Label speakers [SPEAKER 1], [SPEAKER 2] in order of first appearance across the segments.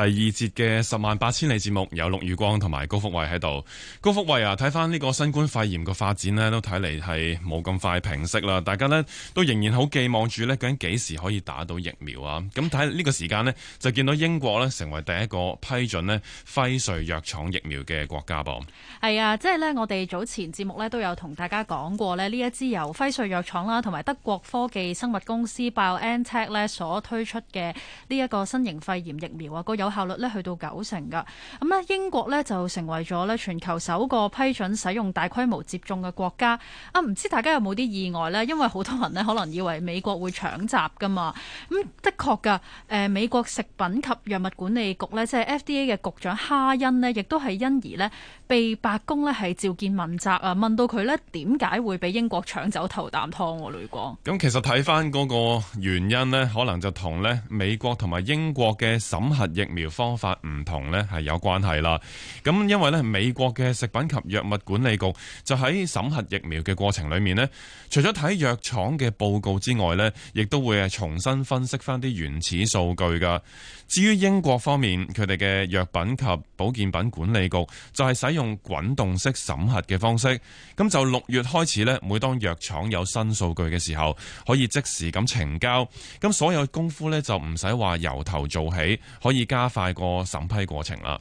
[SPEAKER 1] 第二節嘅十萬八千里節目有陸宇光同埋高福慧喺度。高福慧啊，睇翻呢個新冠肺炎個發展呢，都睇嚟係冇咁快平息啦。大家呢，都仍然好寄望住呢，究竟幾時可以打到疫苗啊？咁睇呢個時間呢，就見到英國呢，成為第一個批准呢輝瑞藥廠疫苗嘅國家噃。
[SPEAKER 2] 係啊，即係呢，我哋早前節目呢，都有同大家講過呢，呢一支由輝瑞藥廠啦同埋德國科技生物公司 BioNTech 呢所推出嘅呢一個新型肺炎疫苗啊，個有效率咧去到九成噶，咁咧英國呢就成為咗咧全球首個批准使用大規模接種嘅國家。啊，唔知大家有冇啲意外呢？因為好多人咧可能以為美國會搶閘㗎嘛。咁的確㗎，誒美國食品及藥物管理局咧，即係 FDA 嘅局長哈恩咧，亦都係因而咧被白宮咧係召見問責啊，問到佢咧點解會俾英國搶走頭啖湯喎？雷哥。
[SPEAKER 1] 咁其實睇翻嗰個原因咧，可能就同咧美國同埋英國嘅審核疫苗方法唔同呢，係有關係啦。咁因為呢，美國嘅食品及藥物管理局就喺審核疫苗嘅過程裏面呢，除咗睇藥廠嘅報告之外呢，亦都會係重新分析翻啲原始數據噶。至於英國方面，佢哋嘅藥品及保健品管理局就係使用滾動式審核嘅方式。咁就六月開始呢，每當藥廠有新數據嘅時候，可以即時咁呈交。咁所有功夫呢，就唔使話由頭做起，可以加快過審批過程啦。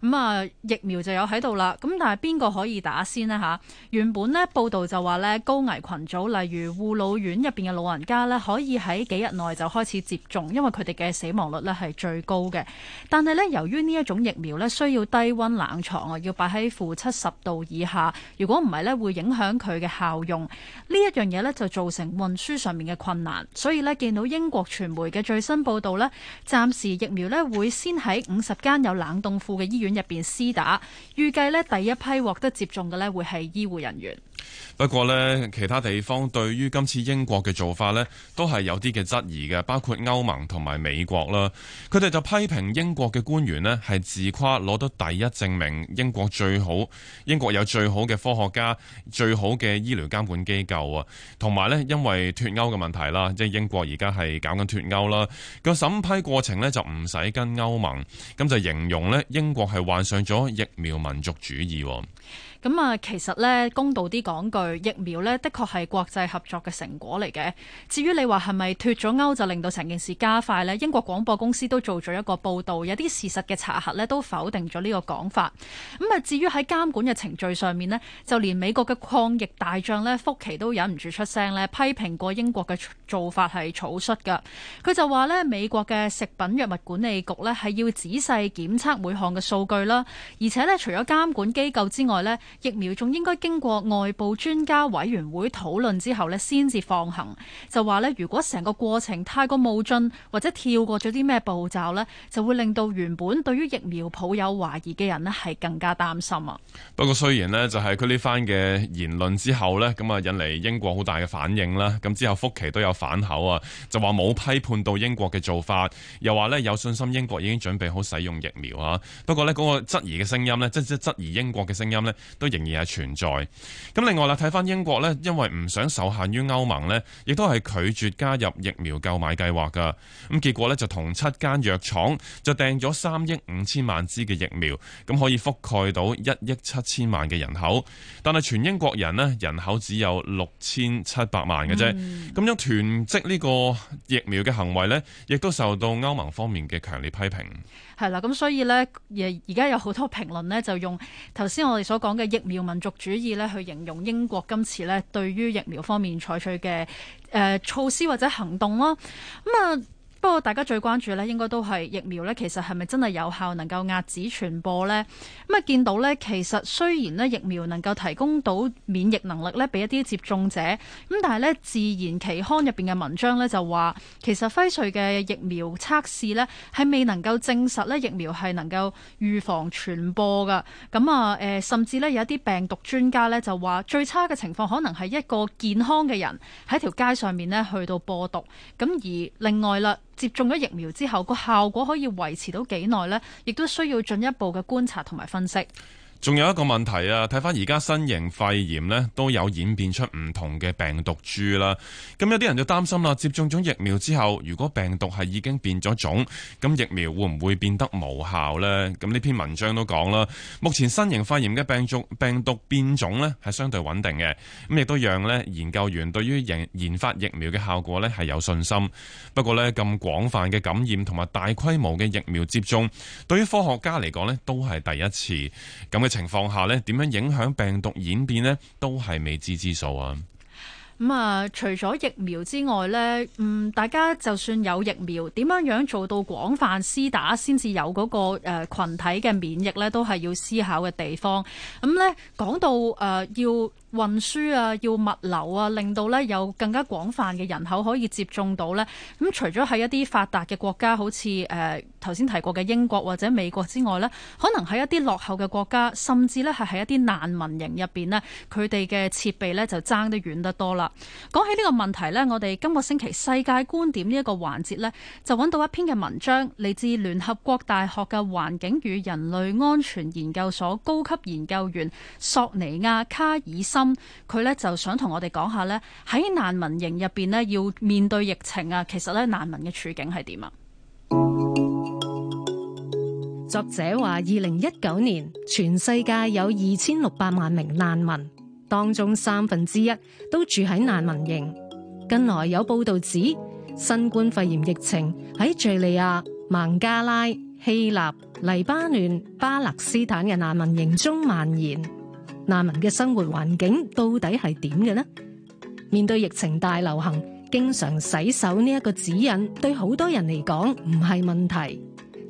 [SPEAKER 2] 咁、嗯、啊，疫苗就有喺度啦。咁但係邊個可以打先咧？吓，原本咧報道就話咧高危群組，例如護老院入邊嘅老人家咧，可以喺幾日內就開始接種，因為佢哋嘅死亡率咧係最高嘅。但係咧，由於呢一種疫苗咧需要低溫冷藏啊，要擺喺負七十度以下，如果唔係咧會影響佢嘅效用。呢一樣嘢咧就造成運輸上面嘅困難。所以咧見到英國傳媒嘅最新報道咧，暫時疫苗咧會先喺五十間有冷凍庫嘅醫院。入邊施打，預計咧第一批獲得接種嘅咧會係醫護人員。
[SPEAKER 1] 不過呢，其他地方對於今次英國嘅做法呢，都係有啲嘅質疑嘅，包括歐盟同埋美國啦。佢哋就批評英國嘅官員呢，係自誇攞得第一，證明英國最好，英國有最好嘅科學家，最好嘅醫療監管機構啊。同埋呢，因為脫歐嘅問題啦，即係英國而家係搞緊脫歐啦，個審批過程呢，就唔使跟歐盟，咁就形容呢，英國係患上咗疫苗民族主義。
[SPEAKER 2] 咁啊，其實咧公道啲講句，疫苗咧，的確係國際合作嘅成果嚟嘅。至於你話係咪脫咗歐就令到成件事加快咧？英國廣播公司都做咗一個報道，有啲事實嘅查核咧都否定咗呢個講法。咁啊，至於喺監管嘅程序上面咧，就連美國嘅抗疫大將咧福奇都忍唔住出聲咧，批評過英國嘅做法係草率噶。佢就話咧，美國嘅食品藥物管理局咧係要仔細檢測每項嘅數據啦，而且咧除咗監管機構之外咧。疫苗仲應該經過外部專家委員會討論之後咧，先至放行。就話咧，如果成個過程太過冒進或者跳過咗啲咩步驟咧，就會令到原本對於疫苗抱有懷疑嘅人咧，係更加擔心啊。
[SPEAKER 1] 不過雖然呢，就係佢呢番嘅言論之後呢，咁啊引嚟英國好大嘅反應啦。咁之後福奇都有反口啊，就話冇批判到英國嘅做法，又話咧有信心英國已經準備好使用疫苗啊。不過呢，嗰個質疑嘅聲音呢，即、就、即、係、質疑英國嘅聲音呢。都仍然係存在。咁另外啦，睇翻英國呢，因為唔想受限於歐盟呢，亦都係拒絕加入疫苗購買計劃㗎。咁結果呢，就同七間藥廠就訂咗三億五千萬支嘅疫苗，咁可以覆蓋到一億七千萬嘅人口。但係全英國人呢，人口只有六千七百萬嘅啫。嗯。咁樣囤積呢個疫苗嘅行為呢，亦都受到歐盟方面嘅強烈批評。
[SPEAKER 2] 係啦，咁所以咧，而家有好多評論咧，就用頭先我哋所講嘅疫苗民族主義咧，去形容英國今次咧對於疫苗方面採取嘅誒、呃、措施或者行動咯咁啊。嗯不過大家最關注咧，應該都係疫苗咧，其實係咪真係有效能夠遏止傳播呢？咁啊，見到呢其實雖然咧，疫苗能夠提供到免疫能力咧，俾一啲接種者，咁但係咧，《自然》期刊入邊嘅文章咧就話，其實輝瑞嘅疫苗測試咧係未能夠證實咧，疫苗係能夠預防傳播噶。咁啊，誒，甚至咧有一啲病毒專家咧就話，最差嘅情況可能係一個健康嘅人喺條街上面咧去到播毒。咁而另外啦。接種咗疫苗之後，個效果可以維持到幾耐呢？亦都需要進一步嘅觀察同埋分析。
[SPEAKER 1] 仲有一個問題啊，睇返而家新型肺炎呢，都有演變出唔同嘅病毒株啦。咁有啲人就擔心啦，接種種疫苗之後，如果病毒係已經變咗種，咁疫苗會唔會變得無效呢？咁呢篇文章都講啦，目前新型肺炎嘅病毒病毒變種呢係相對穩定嘅，咁亦都讓呢研究員對於研研發疫苗嘅效果呢係有信心。不過呢，咁廣泛嘅感染同埋大規模嘅疫苗接種，對於科學家嚟講呢，都係第一次。咁情況下咧，點樣影響病毒演變呢？都係未知之數啊！咁、
[SPEAKER 2] 嗯、啊，除咗疫苗之外呢，嗯，大家就算有疫苗，點樣樣做到廣泛施打、那個，先至有嗰個誒群體嘅免疫呢？都係要思考嘅地方。咁呢講到誒、呃、要。運輸啊，要物流啊，令到咧有更加廣泛嘅人口可以接種到呢。咁除咗喺一啲發達嘅國家，好似誒頭先提過嘅英國或者美國之外呢，可能喺一啲落後嘅國家，甚至咧係喺一啲難民營入面，呢佢哋嘅設備呢就爭得遠得多啦。講起呢個問題呢，我哋今個星期世界觀點呢一個環節呢，就揾到一篇嘅文章嚟自聯合國大學嘅環境與人類安全研究所高級研究員索尼亞卡爾森。佢、嗯、咧就想同我哋講下咧，喺難民營入邊咧要面對疫情啊，其實咧難民嘅處境係點啊？
[SPEAKER 3] 作者話，二零一九年全世界有二千六百萬名難民，當中三分之一都住喺難民營。近來有報道指，新冠肺炎疫情喺敘利亞、孟加拉、希臘、黎巴嫩、巴勒斯坦嘅難民營中蔓延。難民嘅生活環境到底係點嘅呢？面對疫情大流行，經常洗手呢一個指引對好多人嚟講唔係問題，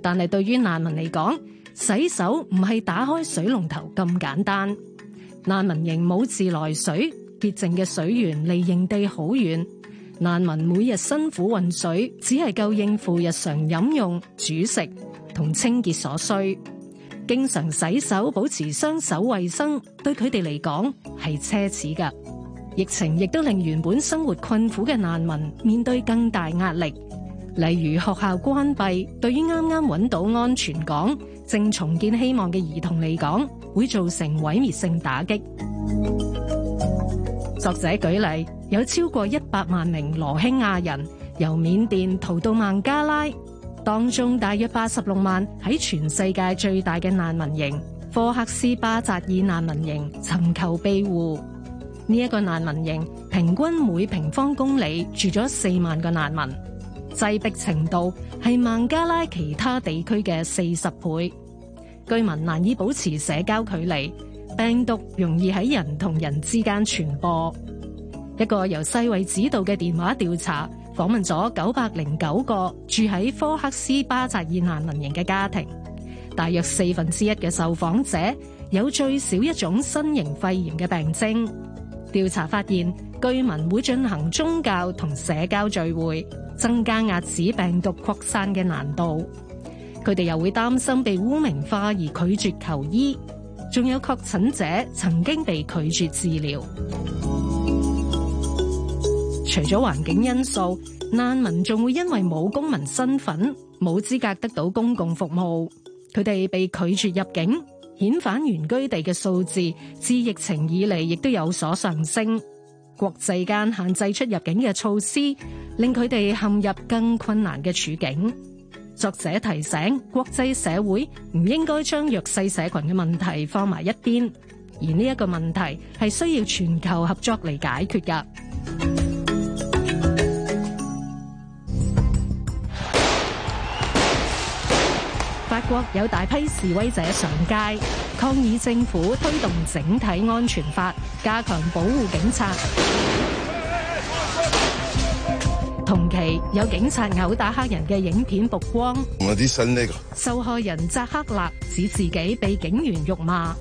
[SPEAKER 3] 但係對於難民嚟講，洗手唔係打開水龍頭咁簡單。難民營冇自來水，潔淨嘅水源離營地好遠。難民每日辛苦運水，只係夠應付日常飲用、煮食同清潔所需。經常洗手、保持雙手衛生，對佢哋嚟講係奢侈㗎。疫情亦都令原本生活困苦嘅難民面對更大壓力，例如學校關閉，對於啱啱搵到安全港、正重建希望嘅兒童嚟講，會造成毀滅性打擊。作者舉例，有超過一百萬名羅興亞人由緬甸逃到孟加拉。當中大約八十六萬喺全世界最大嘅難民營科克斯巴扎爾難民營尋求庇護。呢一個難民營平均每平方公里住咗四萬個難民，擠逼程度係孟加拉其他地區嘅四十倍。居民難以保持社交距離，病毒容易喺人同人之間傳播。一個由世衛指導嘅電話調查，訪問咗九百零九個住喺科克斯巴扎爾難民營嘅家庭，大約四分之一嘅受訪者有最少一種新型肺炎嘅病徵。調查發現，居民會進行宗教同社交聚會，增加遏止病毒擴散嘅難度。佢哋又會擔心被污名化而拒絕求醫，仲有確診者曾經被拒絕治療。除咗環境因素，難民仲會因為冇公民身份，冇資格得到公共服務，佢哋被拒絕入境，遣返原居地嘅數字，自疫情以嚟亦都有所上升。國際間限制出入境嘅措施，令佢哋陷入更困難嘅處境。作者提醒，國際社會唔應該將弱勢社群嘅問題放埋一邊，而呢一個問題係需要全球合作嚟解決㗎。國有大批示威者上街抗議政府推動整體安全法，加強保護警察。哎哎哎哎，同期有警察毆打黑人嘅影片曝光，受害人扎克勒指自己被警員辱罵。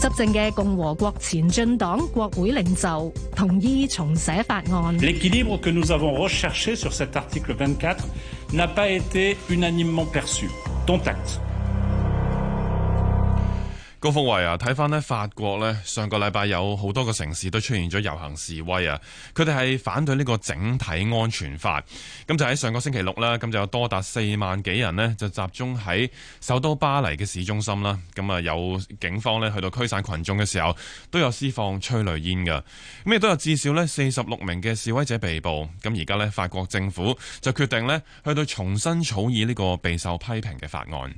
[SPEAKER 3] 執政嘅共和國前進黨國會領袖同意重
[SPEAKER 1] 寫法案。高福維啊，睇翻呢法國呢，上個禮拜有好多個城市都出現咗遊行示威啊，佢哋係反對呢個整體安全法。咁就喺上個星期六啦，咁就有多達四萬幾人呢就集中喺首都巴黎嘅市中心啦。咁啊有警方呢去到驅散群眾嘅時候，都有施放催淚煙㗎。咁亦都有至少呢四十六名嘅示威者被捕。咁而家呢，法國政府就決定呢去到重新草擬呢個備受批評嘅法案。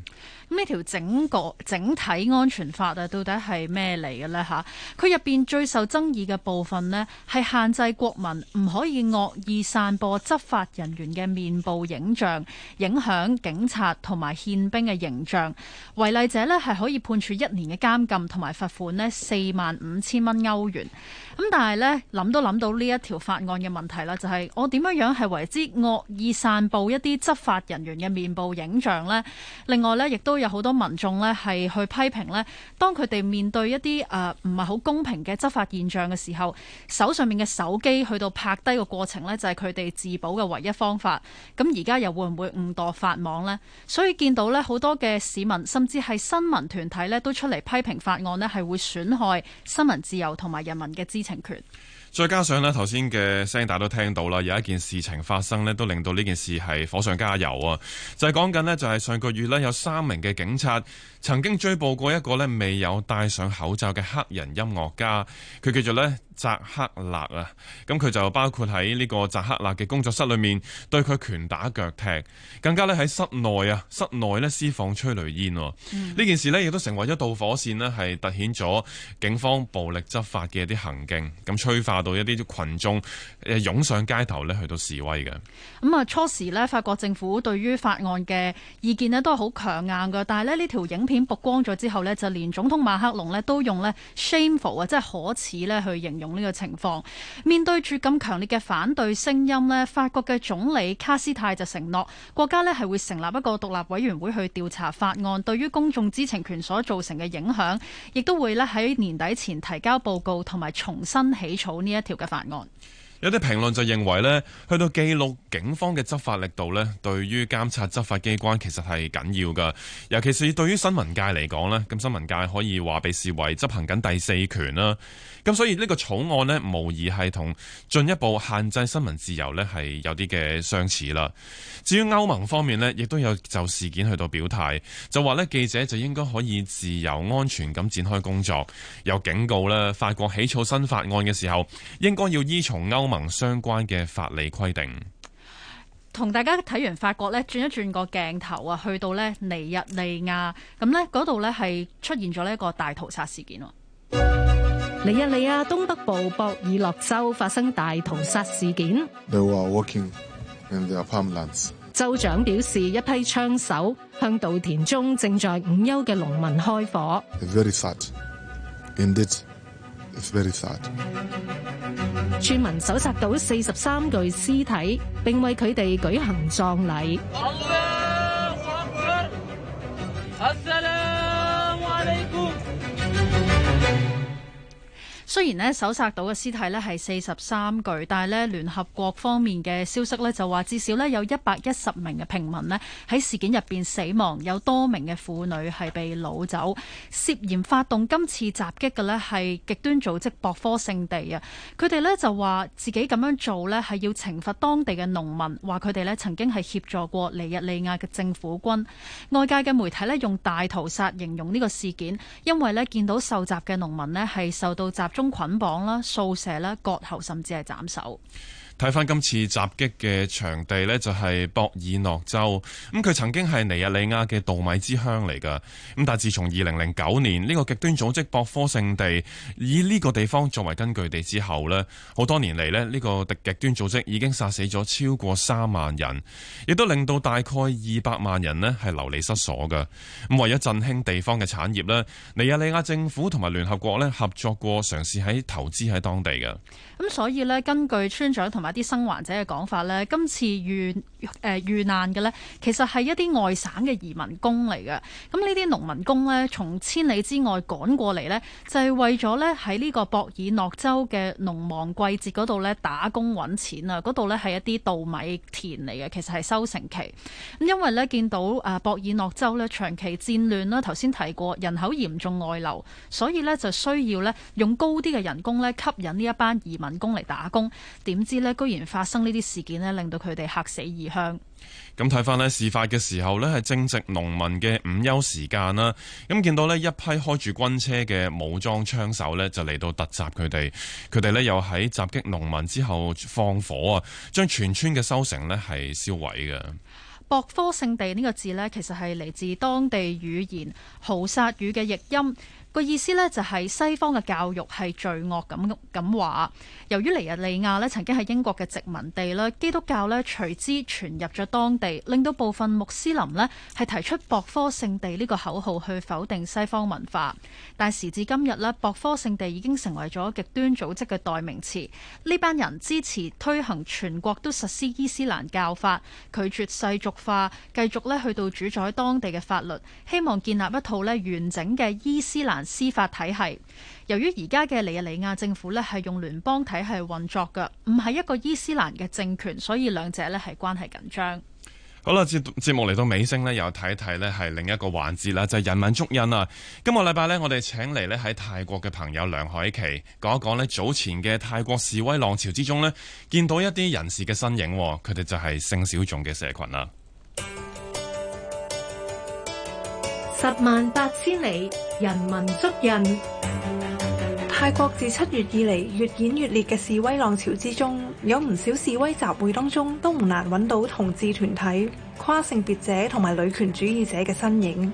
[SPEAKER 2] 咁呢條整個整體安全法啊，到底係咩嚟嘅呢？吓，佢入面最受爭議嘅部分呢，係限制國民唔可以惡意散播執法人員嘅面部影像，影響警察同埋憲兵嘅形象。違例者呢，係可以判處一年嘅監禁同埋罰款呢，四萬五千蚊歐元。咁但係呢，諗都諗到呢一條法案嘅問題啦，就係我點樣樣係為之惡意散佈一啲執法人員嘅面部影像呢？另外呢，亦都。有好多民眾咧，係去批評咧。當佢哋面對一啲誒唔係好公平嘅執法現象嘅時候，手上面嘅手機去到拍低個過程咧，就係佢哋自保嘅唯一方法。咁而家又會唔會誤墮法網呢？所以見到咧好多嘅市民，甚至係新聞團體咧，都出嚟批評法案呢，係會損害新聞自由同埋人民嘅知情權。
[SPEAKER 1] 再加上咧，頭先嘅聲大家都聽到啦，有一件事情發生呢都令到呢件事係火上加油啊！就係講緊呢，就係上個月呢，有三名嘅警察曾經追捕過一個呢未有戴上口罩嘅黑人音樂家，佢叫做呢，扎克勒啊，咁佢就包括喺呢個扎克勒嘅工作室裏面，對佢拳打腳踢，更加咧喺室內啊，室內咧施放催淚煙，呢、嗯、件事咧亦都成為咗導火線咧，係凸顯咗警方暴力執法嘅一啲行徑，咁催化到一啲群眾誒湧上街頭咧去到示威嘅。
[SPEAKER 2] 咁啊初時咧，法國政府對於法案嘅意見咧都係好強硬嘅，但係咧呢條影片曝光咗之後咧，就連總統馬克龍咧都用咧 shameful 啊，即係可恥咧去形容。用呢個情況，面對住咁強烈嘅反對聲音咧，法國嘅總理卡斯泰就承諾，國家咧係會成立一個獨立委員會去調查法案對於公眾知情權所造成嘅影響，亦都會咧喺年底前提交報告，同埋重新起草呢一條嘅法案。
[SPEAKER 1] 有啲評論就認為咧，去到記錄警方嘅執法力度咧，對於監察執法機關其實係緊要噶。尤其是對於新聞界嚟講咧，咁新聞界可以話被視為執行緊第四權啦。咁所以呢個草案咧，無疑係同進一步限制新聞自由咧，係有啲嘅相似啦。至於歐盟方面咧，亦都有就事件去到表態，就話咧記者就應該可以自由安全咁展開工作。又警告咧，法國起草新法案嘅時候，應該要依從歐盟相關嘅法例規定。
[SPEAKER 2] 同大家睇完法國咧，轉一轉個鏡頭啊，去到咧尼日利亞，咁咧嗰度咧係出現咗呢一個大屠殺事件。
[SPEAKER 3] 尼日利亞東北部博爾諾州發生大屠殺事件。州長表示，一批槍手向稻田中正在午休嘅農民開火。村民搜查到四十三具屍體，並為佢哋舉行葬
[SPEAKER 2] 禮。雖然咧搜查到嘅屍體咧係四十三具，但係咧聯合國方面嘅消息咧就話至少咧有一百一十名嘅平民咧喺事件入邊死亡，有多名嘅婦女係被擄走。涉嫌發動今次襲擊嘅咧係極端組織博科聖地啊，佢哋咧就話自己咁樣做咧係要懲罰當地嘅農民，話佢哋咧曾經係協助過尼日利亞嘅政府軍。外界嘅媒體咧用大屠殺形容呢個事件，因為咧見到受襲嘅農民咧係受到集中。捆綁啦、掃射啦、割喉，甚至係斬手。
[SPEAKER 1] 睇翻今次襲擊嘅場地呢，就係博爾諾州。咁佢曾經係尼日利亞嘅稻米之鄉嚟㗎。咁但係自從二零零九年呢個極端組織博科聖地以呢個地方作為根據地之後呢，好多年嚟咧，呢個極端組織已經殺死咗超過三萬人，亦都令到大概二百萬人呢係流離失所㗎。咁為咗振興地方嘅產業呢，尼日利亞政府同埋聯合國咧合作過，嘗試喺投資喺當地嘅。
[SPEAKER 2] 咁所以呢，根據村長同埋啲生還者嘅講法咧，今次遇誒、呃、遇難嘅咧，其實係一啲外省嘅移民工嚟嘅。咁呢啲農民工咧，從千里之外趕過嚟咧，就係、是、為咗咧喺呢個博爾諾州嘅農忙季節嗰度咧打工揾錢啊！嗰度咧係一啲稻米田嚟嘅，其實係收成期。咁因為咧見到誒、啊、博爾諾州咧長期戰亂啦，頭先提過人口嚴重外流，所以咧就需要咧用高啲嘅人工咧吸引呢一班移民工嚟打工。點知咧？居然發生呢啲事件咧，令到佢哋吓死異鄉。
[SPEAKER 1] 咁睇翻呢，事發嘅時候呢，係正值農民嘅午休時間啦。咁見到呢，一批開住軍車嘅武裝槍手呢，就嚟到突襲佢哋。佢哋呢又喺襲擊農民之後放火啊，將全村嘅收成呢係燒毀嘅。
[SPEAKER 2] 博科聖地呢個字呢，其實係嚟自當地語言豪薩語嘅譯音。個意思呢，就係西方嘅教育係罪惡咁咁話。由於尼日利亞曾經係英國嘅殖民地，基督教咧隨之傳入咗當地，令到部分穆斯林提出博科聖地呢個口號去否定西方文化。但時至今日，博科聖地已經成為咗極端組織嘅代名詞。呢班人支持推行全國都實施伊斯蘭教法，拒絕世俗化，繼續去到主宰當地嘅法律，希望建立一套完整嘅伊斯蘭司法體系，由於而家嘅尼日利亞政府咧係用聯邦體系運作嘅，唔係一個伊斯蘭嘅政權，所以兩者咧係關係緊張。
[SPEAKER 1] 好啦，節節目嚟到尾聲咧，又睇睇咧係另一個環節啦，就係、是、人文足印啊！今個禮拜呢，我哋請嚟咧喺泰國嘅朋友梁凱琪講一講呢，早前嘅泰國示威浪潮之中呢，見到一啲人士嘅身影，佢哋就係性小眾嘅社群啦。
[SPEAKER 3] 十萬八千里，
[SPEAKER 4] 人文足印。泰國自七月以嚟越演越烈嘅示威浪潮之中，有唔少示威集會當中都唔難揾到同志團體、跨性別者同埋女權主義者嘅身影。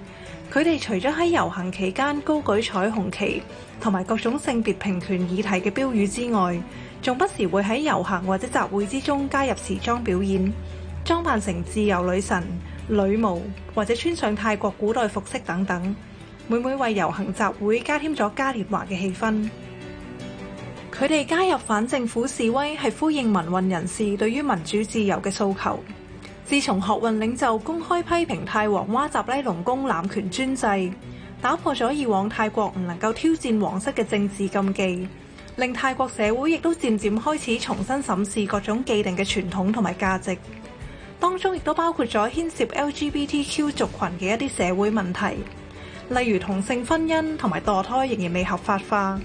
[SPEAKER 4] 佢哋除咗喺遊行期間高舉彩虹旗同埋各種性別平權議題嘅標語之外，仲不時會喺遊行或者集會之中加入時裝表演，裝扮成自由女神。女模或者穿上泰國古代服飾等等，每每為遊行集會加添咗嘉年華嘅氣氛。佢哋加入反政府示威，係呼應民運人士對於民主自由嘅訴求。自從學運領袖公開批評泰皇哇集拉隆功濫權專制，打破咗以往泰國唔能夠挑戰皇室嘅政治禁忌，令泰國社會亦都漸漸開始重新審視各種既定嘅傳統同埋價值。當中亦都包括咗牽涉 LGBTQ 族群嘅一啲社會問題，例如同性婚姻同埋墮胎仍然未合法化。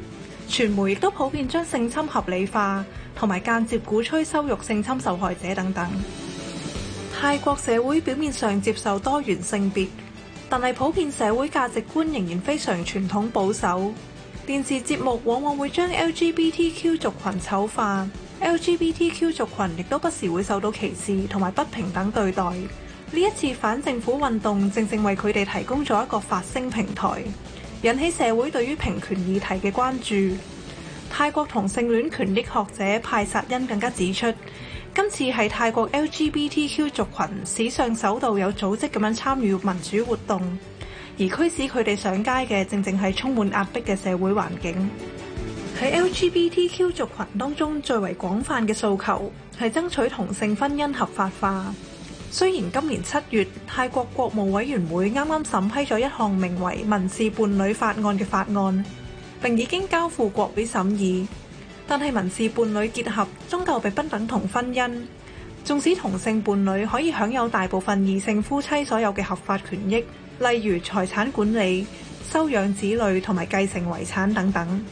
[SPEAKER 4] 傳媒亦都普遍將性侵合理化，同埋間接鼓吹羞辱性侵受害者等等。泰國社會表面上接受多元性別，但係普遍社會價值觀仍然非常傳統保守。電視節目往往會將 LGBTQ 族群醜化。LGBTQ 族群亦都不時會受到歧視同埋不平等對待，呢一次反政府運動正正為佢哋提供咗一個發聲平台，引起社會對於平權議題嘅關注。泰國同性戀權益學者派薩恩更加指出，今次係泰國 LGBTQ 族群史上首度有組織咁樣參與民主活動，而驅使佢哋上街嘅正正係充滿壓迫嘅社會環境。喺 LGBTQ 族群當中，最為廣泛嘅訴求係爭取同性婚姻合法化。雖然今年七月，泰國國務委員會啱啱審批咗一項名為《民事伴侶法案》嘅法案，並已經交付國會審議，但係民事伴侶結合終究並不等同婚姻。縱使同性伴侶可以享有大部分異性夫妻所有嘅合法權益，例如財產管理、收養子女同埋繼承遺產等等。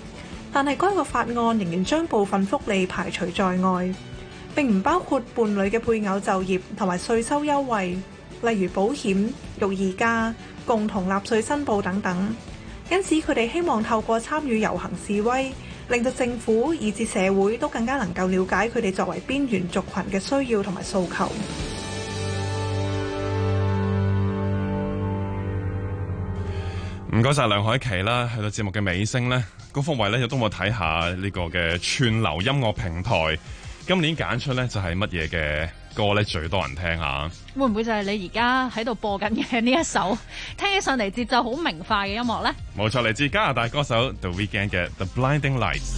[SPEAKER 4] 但係，該個法案仍然將部分福利排除在外，並唔包括伴侶嘅配偶就業同埋稅收優惠，例如保險、育兒假、共同納稅申報等等。因此，佢哋希望透過參與遊行示威，令到政府以至社會都更加能夠了解佢哋作為邊緣族群嘅需要同埋訴求。
[SPEAKER 1] 唔該晒梁凱琪啦，去到節目嘅尾聲咧，高福位咧亦都冇睇下呢個嘅串流音樂平台今年揀出咧就係乜嘢嘅歌咧最多人聽下
[SPEAKER 2] 會唔會就係你而家喺度播緊嘅呢一首？聽起上嚟節奏好明快嘅音樂咧？
[SPEAKER 1] 冇錯，嚟自加拿大歌手 The Weekend 嘅 The Blinding Lights。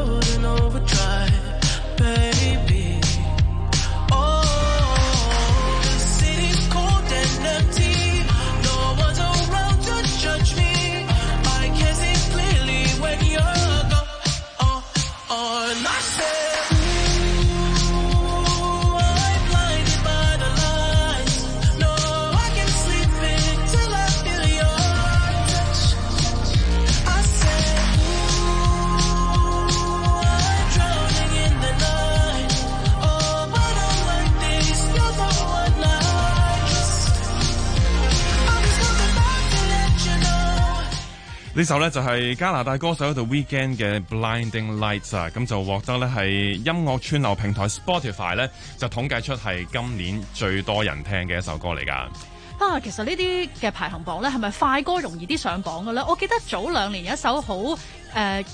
[SPEAKER 1] 呢首咧就係加拿大歌手 The Weekend 嘅 Blinding Lights 啊，咁就獲得咧係音樂串流平台 Spotify 咧就統計出係今年最多人聽嘅一首歌嚟㗎。啊，
[SPEAKER 2] 其實呢啲嘅排行榜咧係咪快歌容易啲上榜嘅咧？我記得早兩年有一首好誒。呃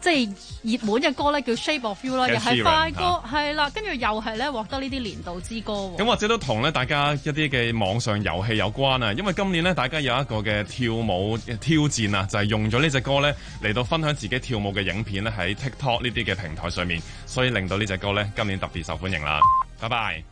[SPEAKER 2] 即係熱門嘅歌咧，叫 Shape of You 啦，又係快歌，係、啊、啦，跟住又係咧獲得呢啲年度之歌。咁
[SPEAKER 1] 或者都同咧大家一啲嘅網上遊戲有關啊，因為今年咧大家有一個嘅跳舞挑戰啊，就係、是、用咗呢隻歌咧嚟到分享自己跳舞嘅影片咧喺 TikTok 呢啲嘅平台上面，所以令到呢隻歌咧今年特別受歡迎啦。拜拜。